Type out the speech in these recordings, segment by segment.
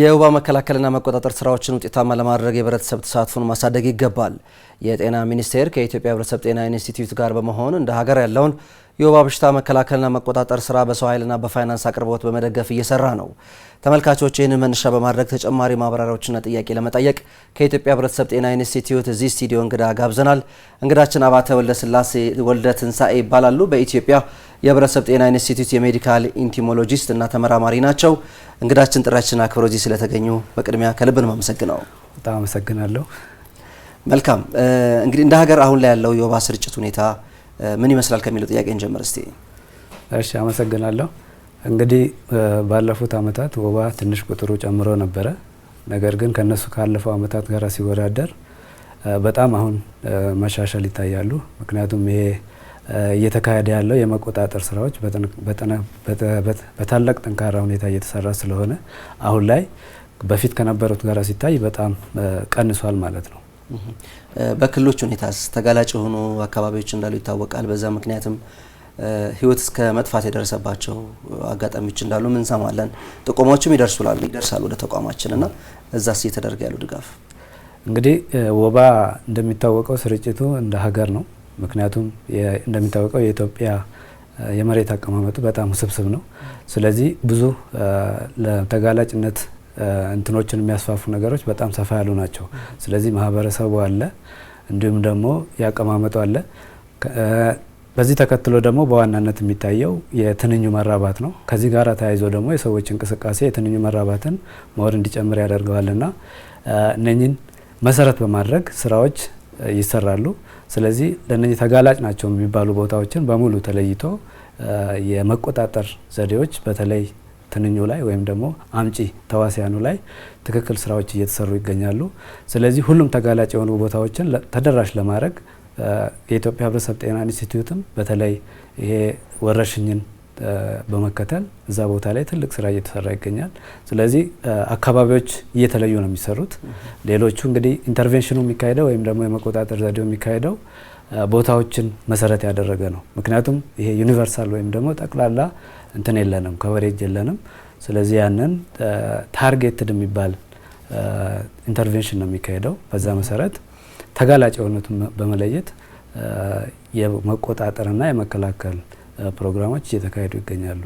የወባ መከላከልና መቆጣጠር ስራዎችን ውጤታማ ለማድረግ የህብረተሰብ ተሳትፎን ማሳደግ ይገባል። የጤና ሚኒስቴር ከኢትዮጵያ ህብረተሰብ ጤና ኢንስቲትዩት ጋር በመሆን እንደ ሀገር ያለውን የወባ በሽታ መከላከልና መቆጣጠር ስራ በሰው ኃይልና በፋይናንስ አቅርቦት በመደገፍ እየሰራ ነው። ተመልካቾች ይህንን መነሻ በማድረግ ተጨማሪ ማብራሪያዎችና ጥያቄ ለመጠየቅ ከኢትዮጵያ ህብረተሰብ ጤና ኢንስቲትዩት እዚህ ስቱዲዮ እንግዳ ጋብዘናል። እንግዳችን አባተ ወልደ ስላሴ ወልደ ትንሳኤ ይባላሉ። በኢትዮጵያ የህብረተሰብ ጤና ኢንስቲትዩት የሜዲካል ኢንቲሞሎጂስት እና ተመራማሪ ናቸው። እንግዳችን ጥሪያችንን አክብሮ እዚህ ስለተገኙ በቅድሚያ ከልብን አመሰግነው። በጣም አመሰግናለሁ። መልካም እንግዲህ እንደ ሀገር አሁን ላይ ያለው የወባ ስርጭት ሁኔታ ምን ይመስላል ከሚለው ጥያቄ እንጀምር እስቲ። እሺ፣ አመሰግናለሁ። እንግዲህ ባለፉት አመታት ወባ ትንሽ ቁጥሩ ጨምሮ ነበረ። ነገር ግን ከነሱ ካለፈው አመታት ጋር ሲወዳደር በጣም አሁን መሻሻል ይታያሉ። ምክንያቱም ይሄ እየተካሄደ ያለው የመቆጣጠር ስራዎች በታላቅ ጠንካራ ሁኔታ እየተሰራ ስለሆነ አሁን ላይ በፊት ከነበሩት ጋር ሲታይ በጣም ቀንሷል ማለት ነው። በክልሎች ሁኔታስ ተጋላጭ የሆኑ አካባቢዎች እንዳሉ ይታወቃል። በዛ ምክንያትም ህይወት እስከ መጥፋት የደረሰባቸው አጋጣሚዎች እንዳሉ እንሰማለን። ጥቆማዎችም ይደርሱላሉ ይደርሳሉ ወደ ተቋማችን እና እዛስ እየተደረገ ያሉ ድጋፍ እንግዲህ ወባ እንደሚታወቀው ስርጭቱ እንደ ሀገር ነው ምክንያቱም እንደሚታወቀው የኢትዮጵያ የመሬት አቀማመጡ በጣም ውስብስብ ነው። ስለዚህ ብዙ ለተጋላጭነት እንትኖችን የሚያስፋፉ ነገሮች በጣም ሰፋ ያሉ ናቸው። ስለዚህ ማህበረሰቡ አለ፣ እንዲሁም ደግሞ ያቀማመጡ አለ። በዚህ ተከትሎ ደግሞ በዋናነት የሚታየው የትንኙ መራባት ነው። ከዚህ ጋር ተያይዞ ደግሞ የሰዎች እንቅስቃሴ የትንኙ መራባትን መወር እንዲጨምር ያደርገዋልና እነኝን መሰረት በማድረግ ስራዎች ይሰራሉ። ስለዚህ ለነዚህ ተጋላጭ ናቸው የሚባሉ ቦታዎችን በሙሉ ተለይቶ የመቆጣጠር ዘዴዎች በተለይ ትንኙ ላይ ወይም ደግሞ አምጪ ተዋሲያኑ ላይ ትክክል ስራዎች እየተሰሩ ይገኛሉ። ስለዚህ ሁሉም ተጋላጭ የሆኑ ቦታዎችን ተደራሽ ለማድረግ የኢትዮጵያ ሕብረተሰብ ጤና ኢንስቲትዩትም በተለይ ይሄ ወረርሽኝን በመከተል እዛ ቦታ ላይ ትልቅ ስራ እየተሰራ ይገኛል። ስለዚህ አካባቢዎች እየተለዩ ነው የሚሰሩት። ሌሎቹ እንግዲህ ኢንተርቬንሽኑ የሚካሄደው ወይም ደግሞ የመቆጣጠር ዘዴው የሚካሄደው ቦታዎችን መሰረት ያደረገ ነው። ምክንያቱም ይሄ ዩኒቨርሳል ወይም ደግሞ ጠቅላላ እንትን የለንም፣ ከቨሬጅ የለንም። ስለዚህ ያንን ታርጌትድ የሚባል ኢንተርቬንሽን ነው የሚካሄደው። በዛ መሰረት ተጋላጭ የሆኑትን በመለየት የመቆጣጠርና የመከላከል ፕሮግራሞች እየተካሄዱ ይገኛሉ።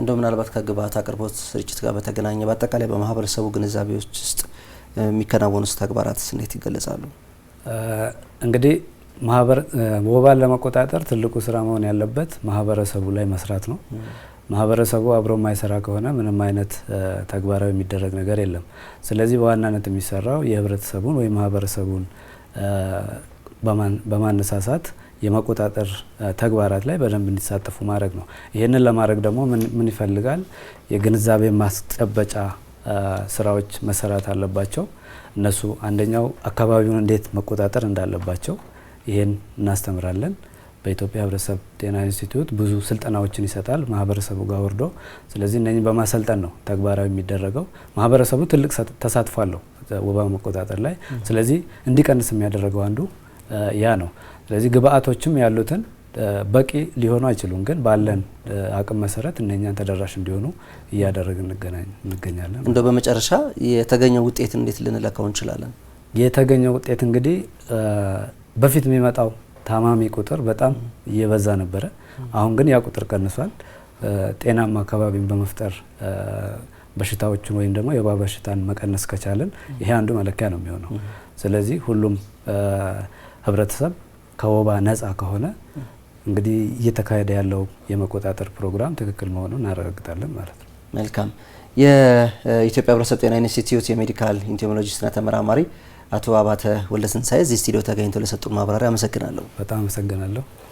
እንደው ምናልባት ከግብአት አቅርቦት ስርጭት ጋር በተገናኘ በአጠቃላይ በማህበረሰቡ ግንዛቤዎች ውስጥ የሚከናወኑት ተግባራት እንዴት ይገለጻሉ? እንግዲህ ወባን ለመቆጣጠር ትልቁ ስራ መሆን ያለበት ማህበረሰቡ ላይ መስራት ነው። ማህበረሰቡ አብሮ የማይሰራ ከሆነ ምንም አይነት ተግባራዊ የሚደረግ ነገር የለም። ስለዚህ በዋናነት የሚሰራው የህብረተሰቡን ወይም ማህበረሰቡን በማነሳሳት የመቆጣጠር ተግባራት ላይ በደንብ እንዲሳተፉ ማድረግ ነው። ይህንን ለማድረግ ደግሞ ምን ይፈልጋል? የግንዛቤ ማስጨበጫ ስራዎች መሰራት አለባቸው። እነሱ አንደኛው አካባቢውን እንዴት መቆጣጠር እንዳለባቸው ይህን እናስተምራለን። በኢትዮጵያ ሕብረተሰብ ጤና ኢንስቲትዩት ብዙ ስልጠናዎችን ይሰጣል ማህበረሰቡ ጋር ወርዶ። ስለዚህ እነኝህ በማሰልጠን ነው ተግባራዊ የሚደረገው። ማህበረሰቡ ትልቅ ተሳትፎ አለው ወባ መቆጣጠር ላይ። ስለዚህ እንዲቀንስ የሚያደረገው አንዱ ያ ነው። ስለዚህ ግብአቶችም ያሉትን በቂ ሊሆኑ አይችሉም፣ ግን ባለን አቅም መሰረት እነኛን ተደራሽ እንዲሆኑ እያደረግን እንገኛለን። እንደ በመጨረሻ የተገኘው ውጤት እንዴት ልንለካው እንችላለን? የተገኘው ውጤት እንግዲህ በፊት የሚመጣው ታማሚ ቁጥር በጣም እየበዛ ነበረ። አሁን ግን ያ ቁጥር ቀንሷል። ጤናማ አካባቢን በመፍጠር በሽታዎችን ወይም ደግሞ የወባ በሽታን መቀነስ ከቻለን ይሄ አንዱ መለኪያ ነው የሚሆነው። ስለዚህ ሁሉም ህብረተሰብ ከወባ ነጻ ከሆነ እንግዲህ እየተካሄደ ያለው የመቆጣጠር ፕሮግራም ትክክል መሆኑን እናረጋግጣለን ማለት ነው። መልካም። የኢትዮጵያ ህብረተሰብ ጤና ኢንስቲትዩት የሜዲካል ኢንቲሞሎጂስትና ተመራማሪ አቶ አባተ ወልደስንሳኤ እዚህ ስቱዲዮ ተገኝተው ለሰጡን ማብራሪያ አመሰግናለሁ። በጣም አመሰግናለሁ።